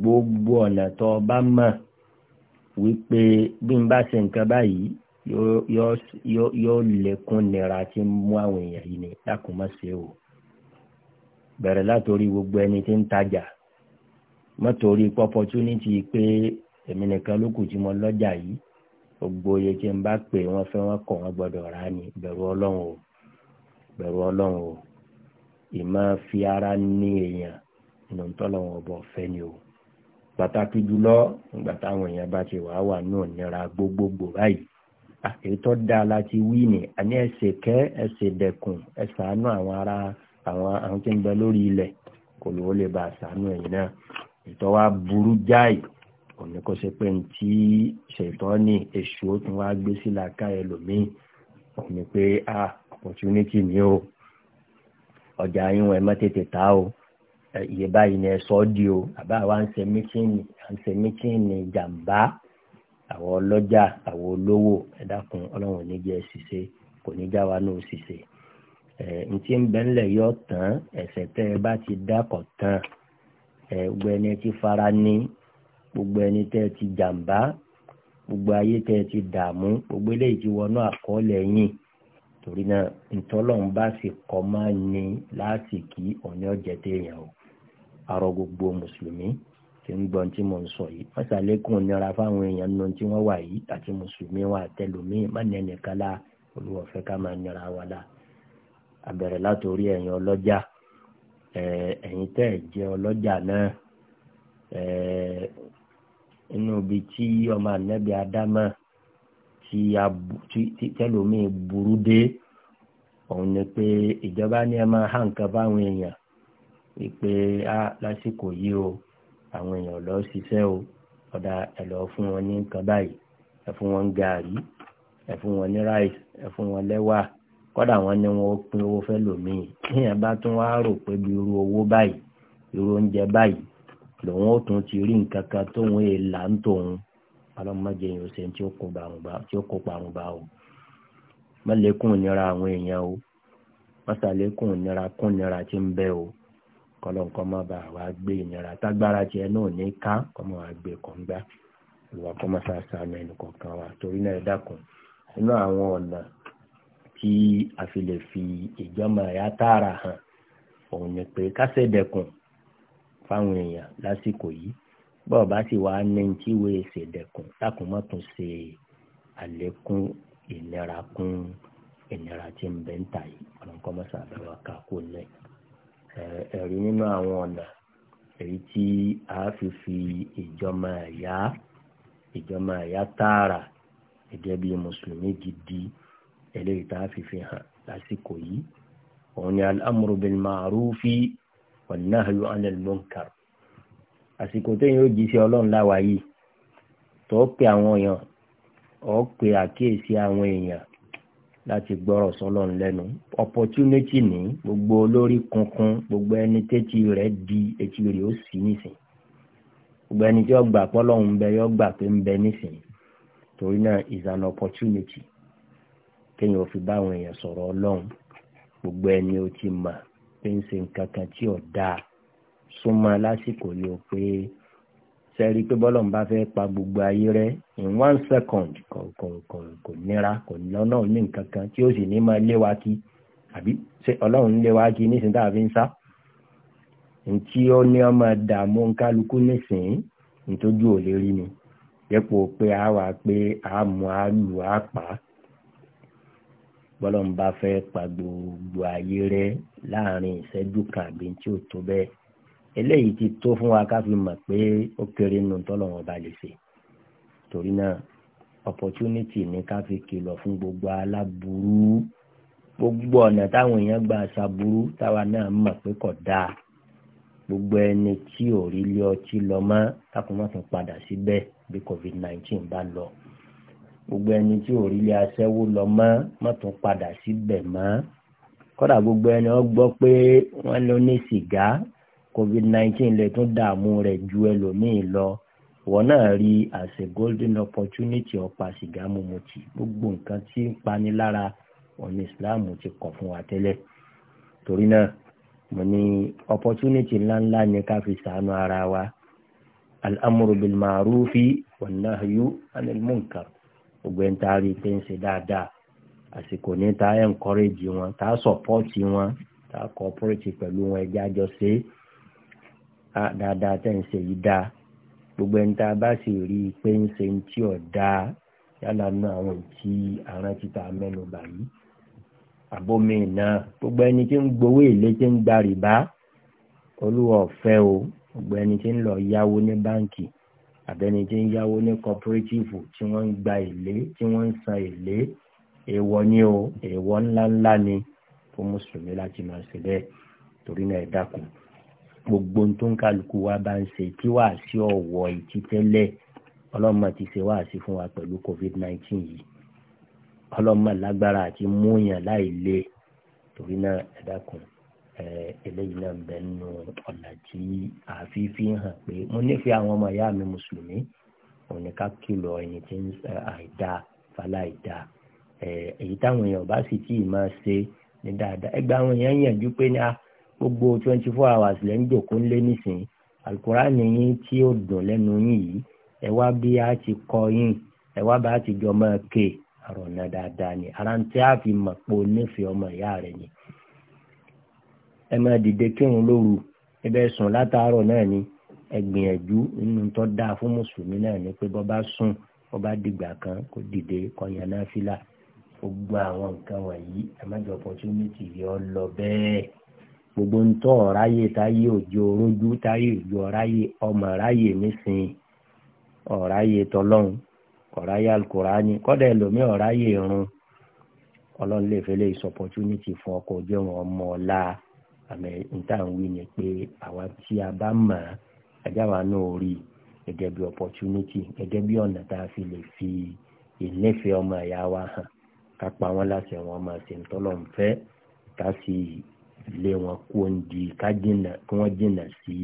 S1: gbogbo ọ̀nà tó bá mọ̀ wípé bí n bá ṣe nǹkan báyìí yóò lékún nira tí ń mú àwọn èèyàn yìí ni dákun má ṣe o bẹ̀rẹ̀ látòrí gbogbo ẹni tí ń tajà mọ́tòrí opportunity pé èmi nìkan ló kù tí mo lọ́jà yìí gbogbo iye tí n bá pè wọ́n fẹ́ wọ́n kọ̀ wọ́n gbọ́dọ̀ rà á ní bẹ̀rù ọlọ́run o bẹ̀rù ọlọ́run o ìmọ̀ fi ara ní èèyàn ìnà ń tọ́lọ́wọ́n ọbọ̀ ni o pàtàkì jùlọ nígbà táwọn èèyàn bá ti wàá wà náà nira gbogbogbò báyìí àtẹ̀tọ́ da láti wí ni àní ẹsẹ̀ kẹ́ ẹsẹ̀ dẹkùn ẹsẹ̀ àánú àwọn ará àwọn àwọn tí ń bẹ lórí ilẹ̀ kò lówó lè ba àṣàánú ẹ̀yìn náà ìtọ́ wa burú jáì òní kò ṣe pé tí ṣètọ́ ní èṣù ó tún wá gbé sí làákà ẹlòmíì òní pé ah opportunity ni o ọjà yín wọn ẹ má tètè ta o iye báyìí ni ẹ sọ ọ́ di o àbá wa ń ṣe mítíìnì à ń ṣe mítíìnì jàǹbá àwọn ọlọ́jà àwọn olówó ẹ dákun ọlọ́run ò ní jẹ́ ṣìṣe kò ní já wa náà ṣìṣe ntí ń bẹ ńlẹ̀ yọ tán ẹ̀ṣẹ̀ tẹ́ ẹ bá ti dákọ̀ tán ẹ gbogbo ẹni tí fara ní gbogbo ẹni tẹ́ ti jàǹbá gbogbo ayé tẹ́ ti dààmú gbogbo eléyìí ti wọnú àkọọ́lẹ̀ yín torí náà ntọ́lọ́run bá sì kọ́ máa ní láti kí ọ̀ní ọ̀jẹ̀ téèyàn o àrọ gbogbo mùsùlùmí tí ń gbọ́n tí mò ń sọ yìí wọ́n ṣàlékún nira fáwọn èèyàn nù tí wọ́n wà yìí àti mùsùlùmí wọn àtẹlùmíì má nẹ́nì kálá olùwọ̀fẹ́ ká máa nira wa la àbẹ̀rẹ̀ látòrí ẹ̀yin ọlọ́jà ẹ̀yin tẹ́ ẹ̀ jẹ́ ọlọ́jà náà inú ibi tí ọmọ ànábì ádámà tí tẹlùmíì burú dé òun ni pé ìjọba ní ẹ máa há nǹkan fáwọn èèyàn wípé a lásìkò yìí o àwọn èèyàn lọ ṣiṣẹ́ o ọ̀dà ẹ̀ lọ fún wọn ní nǹkan báyìí ẹ fún wọn gàárì ẹ fún wọn ní ráìsì ẹ fún wọn lẹ́wà kọ́dà wọn ní wọn pín owó fẹ́ lòmíì èèyàn bá tún wá rò pé bí irú owó báyìí irú oúnjẹ báyìí lòun ó ti rí nǹkan kan tóun èèlà ń tòun ọlọ́mọdé ṣe tí parun o mọ́lẹ́kùn nira àwọn èèyàn kọlọ́nkọ́ má ba wá gbé ìnira tágbára tiẹ̀ náà ní ká kọ́mọ wá gbé kọ̀ǹgbá ìwà kọ́mọ sàṣàmì ẹnì kọ̀ọ̀kan wa torí náà dákun nínú àwọn ọ̀nà tí a fi lè fi ìjọba ẹ̀yà tààrà hàn òun ni pé kásẹ̀dẹ̀kùn fáwọn èèyàn lásìkò yìí bọ́ọ̀ bá sì wá ní tí ìwé ìṣèdẹ̀kùn lákùnmọ́tún ṣe àlékún ìnira kún ìnira tí ń bẹ ń tà yìí ọ̀nà kọ́mọ́sà àbẹ̀wò ká kó ẹ̀rí nínú àwọn ọ̀nà èyí tí a fi fi ìjọmọ ẹ̀yà ìjọmọ ẹ̀yà tààrà gẹ́gẹ́ bí gidi eléyìí tá a fi fi hàn lásìkò yìí òun ni al-amru bil ma'rufi àsìkò téèyàn ó jí sí ọlọ́run láwa yìí tó pe àwọn èèyàn láti gbọ́rọ̀ sọ́lọ̀ lẹ́nu opportunity ní gbogbo olórí kankan gbogbo ẹni tẹ́tí rẹ̀ di etí rẹ̀ ó sì nísìn gbogbo ẹni tí ó gbà pọ́lọ́hún ń bẹ yó gbà pé ń bẹ nísìn torí náà is an opportunity kéèyàn ò fi bá àwọn èèyàn sọ̀rọ̀ ọlọ́run gbogbo ẹni ó ti mà pé ń ṣe nǹkan kan tí ò dáa súnmọ́ lásìkò yìí ó pé sẹ́rí pé bọ́lọ̀n bá fẹ́ pa gbogbo ayé rẹ in one second kò kò kò kò nira kò lọ́nà ní nǹkan kan tí ó sì ní máa lé wa kí àbí ṣé ọlọ́run ń lé wa kí nísìnyí tá a fi ń sá ntí ó ní ọmọ dààmú kálukú nísìnyí nítójú ò lè rí ni dépò pé a wà pé a mú a lù a pa á bọ́lọ̀n bá fẹ́ pa gbogbo ayé rẹ láàrin ìṣẹ́jú kan àbí tí ó tó bẹ́ẹ̀ eléyìí ti tó fún wa ká fi mọ̀ pé ó kéré nù tọ́lọ́wọ́n bá lè ṣe torí náà opportunity ni ká fi kìlọ̀ fún gbogbo aláburú gbogbo ọ̀nà táwọn èèyàn gba àṣàburú táwa náà mọ̀ pé kò dáa gbogbo ẹni tí ò rí lé ọtí lọ mọ́ kákun má tún padà síbẹ̀ bí covid nineteen bá lọ gbogbo ẹni tí ò rí lé aṣẹ́wó lọ mọ́ má tún padà síbẹ̀ mọ́ kódà gbogbo ẹni ó pé wọ́n lọ ní sìgá covid nineteen lè tún dààmú rẹ̀ ju ẹlòmíì lọ wọn náà rí as golden opportunity ọ̀pá sìgá mímu tì gbogbo nǹkan tí ń pani lára ọ̀nà islam ti kọ̀ fún wa tẹ́lẹ̀ torí náà mo ní opportunity ńláńlá ni ká fi sàánú ara wa al'amuru bil ma'rufi wan nahyu anil munkar gbogbo ẹni tá a rí i pé ń ṣe dáadáa àsìkò ní tá a encourage wọn tá a support wọn tá a cooperate pẹ̀lú wọn ẹjẹ́ àjọṣe dáadáa tẹ̀ ń ṣe yìí dáa gbogbo ẹni tá a bá sì rí i pé ń ṣe ń tí ọ̀ dáa yálà nù àwọn ìtì àrùn títà mẹ́nu báyìí àbómi náà gbogbo ẹni tí ń gbowó èlé tí ń gba rìbá olúwa ọ̀fẹ́ o gbogbo ẹni tí ń lọ yáwó ní báǹkì àbẹni tí ń yáwó ní kọpírẹ́tìfù tí wọ́n ń gba èlé tí wọ́n ń san èlé èèwọ̀ ni o èèwọ̀ ńláńlá ni fún mùsùlùmí láti máa ṣe bẹ́ẹ̀ torí náà ẹ dákun gbogbo tó ń kálukú wa bá ń ṣe tí wàá sí ọ̀wọ́ ìtí tẹ́lẹ̀ ọlọ́mọ ti ṣe wàá sí fún wa pẹ̀lú covid nineteen. yìí ọlọ́mọ lágbára àti múyàn láì le torí náà ẹ dákun eléyìí náà ń bẹ nínú ọ̀nà tí àfi fi hàn pé mo nífẹ̀ẹ́ àwọn ọmọ ìyá mi mùsùlùmí òun ni ká kìlọ̀ ẹni tí ń àìda fàlà àìda èyí táwọn èèyàn bá sì tí ì máa ṣe ní dáadáa ẹgbẹ́ àwọn èèyàn yànjú pé ní a. Ah, gbogbo twenty four hours lẹ́ ń jòkó ńlé nísìn alukurani yín tí ó dùn lẹ́nu yín yìí ẹ wá bí a ti kọ yín ẹ wá bá a ti jọ máa ké àrọ̀nà dáadáa ni ara ń tẹ́ àfi mọ̀ pé o nífẹ̀ẹ́ ọmọ ìyá rẹ̀ ni ẹ máa dìde kírun lóru ẹ sùn látàárọ̀ náà ni ẹ gbìyànjú nínú tó dáa fún mùsùlùmí náà ni pé bọ́ bá sùn bọ́ bá dìgbà kan kó dìde kọyàn náà fìlà gbogbo àwọn nǹkan wọ̀nyí ẹ má jọ opportunity yọ lọ bẹ́ẹ̀ gbogbo ń tọ́ ọ̀ráyè táyé òjò orójú táyé òjò ọ̀ráyè ọmọ ọ̀ráyè nísìnyí ọ̀ráyè tọlọ́hún ọ̀ráyè alukurani kọ́dà ẹlòmíì ọ̀ráyè irun ọlọ́run lè fẹ́lẹ́ is opportunity fún ọkọ̀ ojú ẹ̀wọ̀n ọmọ ọ̀la àmì níta ń wí ni pé àwa tí a bá mọ̀ ẹjẹ́ wa náà rí gẹ́gẹ́ bí opportunity gẹ́gẹ́ bí ọ̀nà tá a fi lè fi ìnífẹ̀ẹ́ ọmọ ẹ̀yà wa hàn ká pa wọn máa ṣe ń tọ́lọ́ ń ká sì lé wọn kó ń di ká jìnà kí wọ́n jìnà sí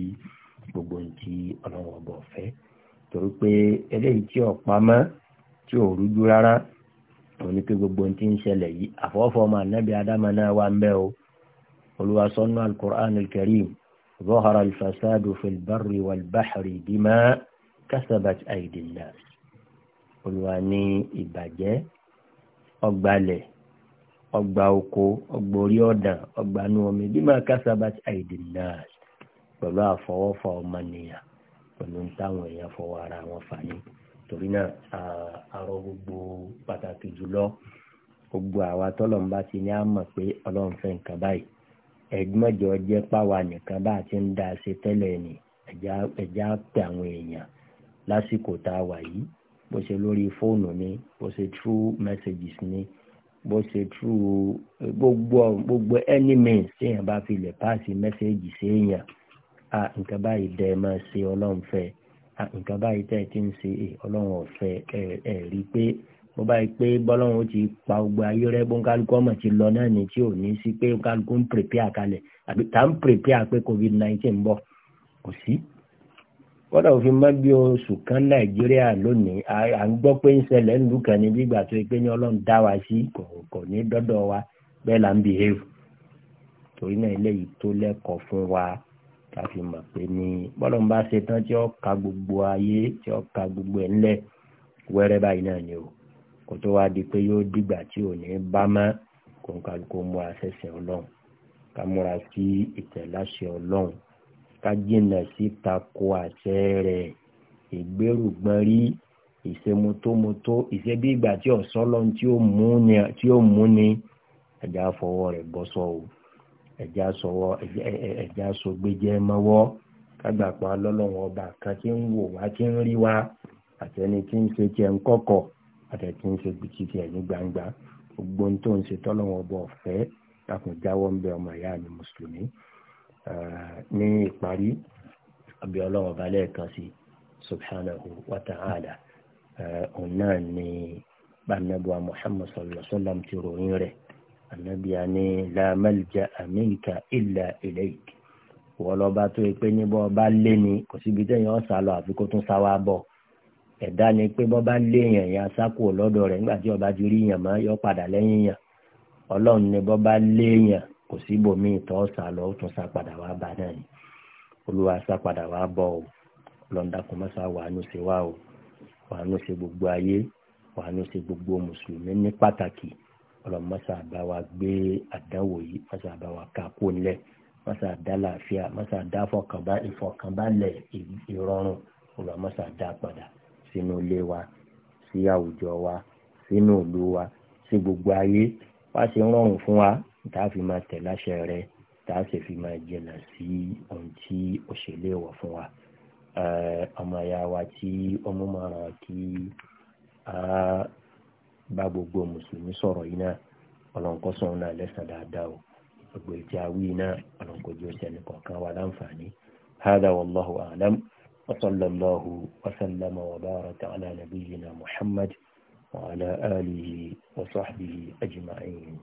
S1: gbogbo ohun tí ọlọ́wọ́ bọ̀ fẹ́ torí pé eléyìí tí ọ̀pá mọ́ tí ò rújú rárá òun ni pé gbogbo ohun ń ṣẹlẹ̀ yìí àfọwọ́fọ́ ọmọ anábì adama náà wà ń bẹ́ o olúwa sọ́nù al-Qur'an al-Karim ظهر الفساد في البر والبحر بما كسبت أيدي الناس olùwà ní ìbàjẹ́ ọgbàlẹ̀ ọgbà oko ọgbà orí ọ̀dàn ọgbà inú omi bí máa kásábàt àìdìnnà pẹ̀lú àfọwọ́fà ọmọnìyàn pẹ̀lú táwọn èèyàn fọwọ́ ara wọn fà ní torí náà àrọ gbogbo pàtàkì jùlọ gbogbo àwa tọ́lọ̀ ń bá ti ní á mọ̀ pé ọlọ́run fẹ́ nǹkan báyìí ẹ̀gbọ́njọ jẹ́ páwa nìkan bá a ti ń da ṣe tẹ́lẹ̀ ni ẹ̀já pè àwọn èèyàn lásìkò tá a wà yìí bó ṣe lórí fóònù ni bó ṣe true messages ni bó ṣe tú gbogbo gbogbo any means téèyàn bá fi lè páàsì mẹ́sẹ̀gì séèyàn a nǹkan báyìí dẹ́ ẹ máa ṣe ọlọ́run fẹ́ a nǹkan báyìí tẹ́ ẹ ti ń ṣe ọlọ́run ọ̀fẹ́ ẹ ẹ rí i pé bó báyìí pé bọ́lọ́run ó ti pa gbogbo ayé rẹ bó ń kálukú ọmọ ti lọ náà ní tí ò ní sí pé kálukú ń prepare kalẹ̀ àbí tá ń prepare pé covid nineteen ń bọ̀ kò sí. Si kódà òfin má bí oṣù kan nàìjíríà lónìí à ń gbọ́ pé ń ṣẹlẹ̀ ń lùkàn ní bí tó pé ọlọ́run dá wa sí kò ní dọ́dọ̀ wa bẹ́ẹ̀ là ń bìhéèvù torí náà eléyìí tó lẹ́kọ̀ọ́ fún wa ká fi mọ̀ pé ní bọ́lọ̀ ń bá ṣe tán tí ó ka gbogbo ayé tí ó ka gbogbo ẹ̀ ńlẹ̀ wẹ́rẹ́ báyìí náà ni o kò tó wá di pé yóò dìgbà tí ò ní bá mọ́ kó ń kálukó múra sẹ́sẹ̀ ọlọ́run ká múra sí ìtẹ̀láṣẹ ọlọ́run ká jìnnà sí tako àṣẹ rẹ̀ ìgbérùgbọ́n rí ìṣemutómutó ìṣe bí ìgbà tí ọ̀sọ́lọ́ tí ó mú ni ẹja fọwọ́ rẹ̀ bọ́ sọ o ẹja sọwọ́ ẹja sọgbẹ́jẹ́ mọ́wọ́ kágbàpá lọ́lọ́wọ́ ọba kan tí ń wò wá tí ń rí wá àtẹni tí ń ṣe tiẹ̀ ń kọ́kọ̀ àtẹni tí ń ṣe ti ní gbangba gbogbo ohun tó ń ṣe tọ́lọ́wọ́ ọba ọ̀fẹ́ lákùnjáwọ́ ń bẹ ọmọ ìyá mi mùsùlùmí ní ìparí àbí ọlọ́run ọba lẹ́ẹ̀kan sí subhanahu wa ta'ala òun náà ni bànàbùwà muhammad sallallahu alaihi wa sallam ti ròyìn rẹ̀ ànábìà ni la malja minka illa ilayk wọlọba tó yẹ pé níbọ̀ bá lé ni kò síbi téèyàn ọ̀sà lọ àfi kó tún sáwá bọ̀ ẹ̀dá ni pé bọ́ bá lé èèyàn yẹn asákò lọ́dọ̀ rẹ̀ nígbà tí ọba ti rí èèyàn mọ́ yọ padà lẹ́yìn èèyàn ọlọ́run ni bọ́ bá lé èèyàn kò síbòmíì tó sá lọ ó tún sá padà wá bá náà ni olúwa sá padà wá bọ̀ ọ́ lọ́ndàkùn mọ́sá wàánú ṣe wá o wàánú ṣe gbogbo ayé wàánú ṣe gbogbo mùsùlùmí ní pàtàkì ọlọ́mọ́sá bá wa gbé àdánwò yìí mọ́sá bá wa ká kó nílẹ̀ mọ́sá dá làáfíà mọ́sá dá ìfọ̀kànbalẹ̀ ìrọ̀rùn ọlọ́mọ́sá dá padà sínú ilé wa sí àwùjọ wa sínú ìlú wa sí gbogbo ayé wá ṣe rọrùn fún wa tá a fi máa tẹ̀ láṣẹ rẹ̀ tá a sì fi máa jìnnà sí ohun tí ó ṣe léèwọ̀ fún wa ọmọ ìyá wa tí ọmọ máa ràn kí a bá gbogbo mùsùlùmí sọ̀rọ̀ yìí náà ọlọ́nkọ́sọ̀n náà lẹ́sàn dáadáa o gbogbo ìtì àwí náà ọlọ́nkọ́jú ọ̀sẹ̀ nìkọ̀ọ̀kan wa láǹfààní hádà wàlláhu àlám وصلى الله وسلم وبارك على نبينا محمد وعلى آله وصحبه أجمعين